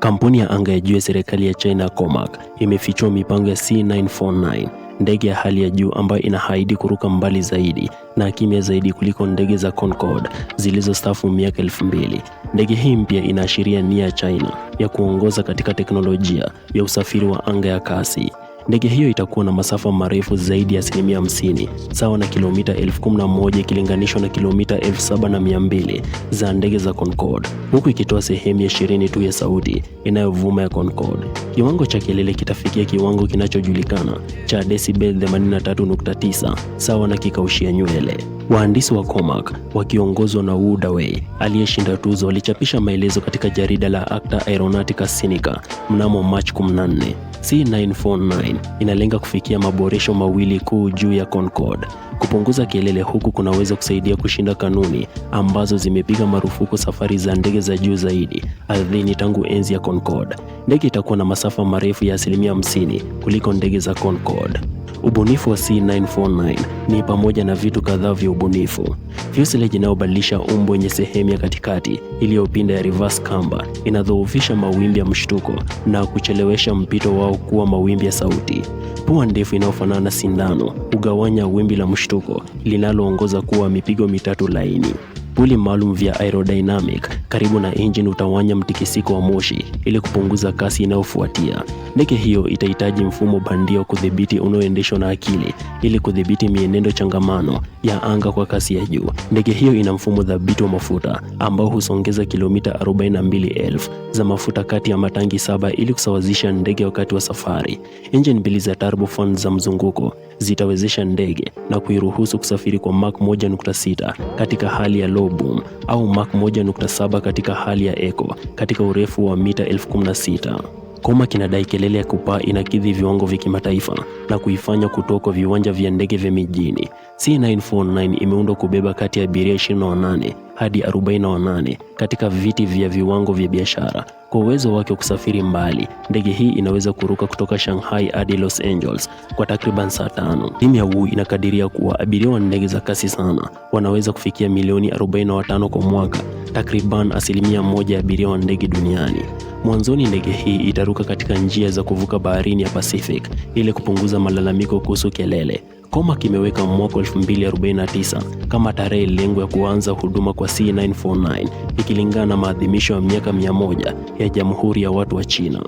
Kampuni ya anga ya juu ya serikali ya China COMAC imefichua mipango ya C949, ndege ya hali ya juu ambayo inaahidi kuruka mbali zaidi na kimya zaidi kuliko ndege za Concorde zilizostaafu miaka elfu mbili. Ndege hii mpya inaashiria nia ya China ya kuongoza katika teknolojia ya usafiri wa anga ya kasi. Ndege hiyo itakuwa na masafa marefu zaidi ya asilimia 50 sawa na kilomita 11,000 ikilinganishwa na kilomita 7,200 za ndege za Concorde, huku ikitoa sehemu ya 20 tu ya sauti inayovuma ya Concorde. Kiwango cha kelele kitafikia kiwango kinachojulikana cha decibel 83.9 sawa na kikaushia nywele. Wahandisi wa Comac wakiongozwa na Wu Dawei aliyeshinda tuzo walichapisha maelezo katika jarida la Acta Aeronautica Sinica mnamo Machi 14. C949 inalenga kufikia maboresho mawili kuu juu ya Concorde. Kupunguza kelele huku kunaweza kusaidia kushinda kanuni ambazo zimepiga marufuku safari za ndege za juu zaidi ardhini tangu enzi ya Concorde. Ndege itakuwa na masafa marefu ya asilimia 50 kuliko ndege za Concorde. Ubunifu wa C949 ni pamoja na vitu kadhaa vya ubunifu: fuselage inayobadilisha umbo yenye sehemu ya katikati iliyopinda ya reverse camber inadhoofisha mawimbi ya mshtuko na kuchelewesha mpito wao kuwa mawimbi ya sauti. Pua ndefu inayofanana na sindano hugawanya wimbi la mshtuko linaloongoza kuwa mipigo mitatu laini. puli maalum vya aerodynamic karibu na engine utawanya mtikisiko wa moshi ili kupunguza kasi inayofuatia. Ndege hiyo itahitaji mfumo bandia wa kudhibiti unaoendeshwa na akili ili kudhibiti mienendo changamano ya anga kwa kasi ya juu. Ndege hiyo ina mfumo dhabiti wa mafuta ambao husongeza kilomita 42,000 za mafuta kati ya matangi saba ili kusawazisha ndege wakati wa safari. Engine mbili za turbofan za mzunguko zitawezesha ndege na kuiruhusu kusafiri kwa Mach 1.6 katika hali ya low boom au Mach 1.7 saba katika hali ya eco katika urefu wa mita elfu Koma kinadai kelele ya kupaa inakidhi viwango vya kimataifa na kuifanya kutoa kwa viwanja vya ndege vya mijini. C949 imeundwa kubeba kati ya abiria 28 hadi 48 katika viti vya viwango vya biashara. Kwa uwezo wake wa kusafiri mbali, ndege hii inaweza kuruka kutoka Shanghai hadi Los Angeles kwa takriban saa tano. Timu ya WU inakadiria kuwa abiria wa ndege za kasi sana wanaweza kufikia milioni 45 kwa mwaka takriban asilimia moja ya abiria wa ndege duniani. Mwanzoni, ndege hii itaruka katika njia za kuvuka baharini ya Pacific ili kupunguza malalamiko kuhusu kelele. Comac imeweka mwaka 2049 kama tarehe lengo ya kuanza huduma kwa C949 ikilingana na maadhimisho ya miaka 100 ya Jamhuri ya Watu wa China.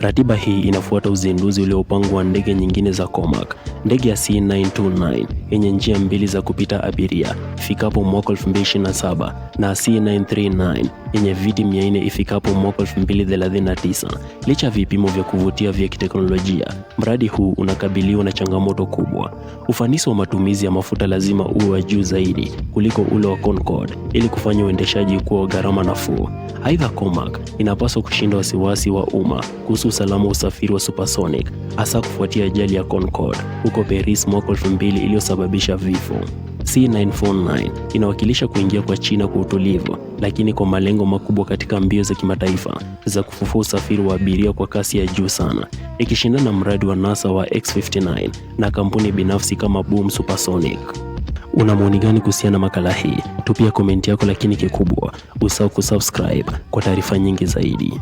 Ratiba hii inafuata uzinduzi uliopangwa wa ndege nyingine za Comac. Ndege ya C929 yenye njia mbili za kupita abiria ifikapo mwaka 2027 na C939 yenye viti 400 ifikapo mwaka 2039. Licha ya vipimo vya kuvutia vya kiteknolojia, mradi huu unakabiliwa na changamoto kubwa. Ufanisi wa matumizi ya mafuta lazima uwe wa juu zaidi kuliko ule wa Concorde ili kufanya uendeshaji kuwa gharama nafuu. Aidha, Comac inapaswa kushinda wasiwasi wa umma kuhusu usalama wa usafiri wa supersonic, hasa kufuatia ajali ya Concorde huko Paris mwaka 2000 kusababisha vifo. C949 inawakilisha kuingia kwa China kwa utulivu, lakini kwa malengo makubwa katika mbio za kimataifa za kufufua usafiri wa abiria kwa kasi ya juu sana, ikishindana na mradi wa NASA wa X-59 na kampuni binafsi kama Boom Supersonic. Una maoni gani kuhusiana na makala hii? Tupia komenti yako, lakini kikubwa usahau kusubscribe kwa taarifa nyingi zaidi.